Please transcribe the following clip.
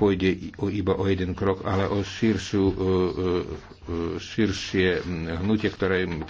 nepôjde iba o jeden krok, ale o širšiu, e, e, e, širšie hnutie, ktoré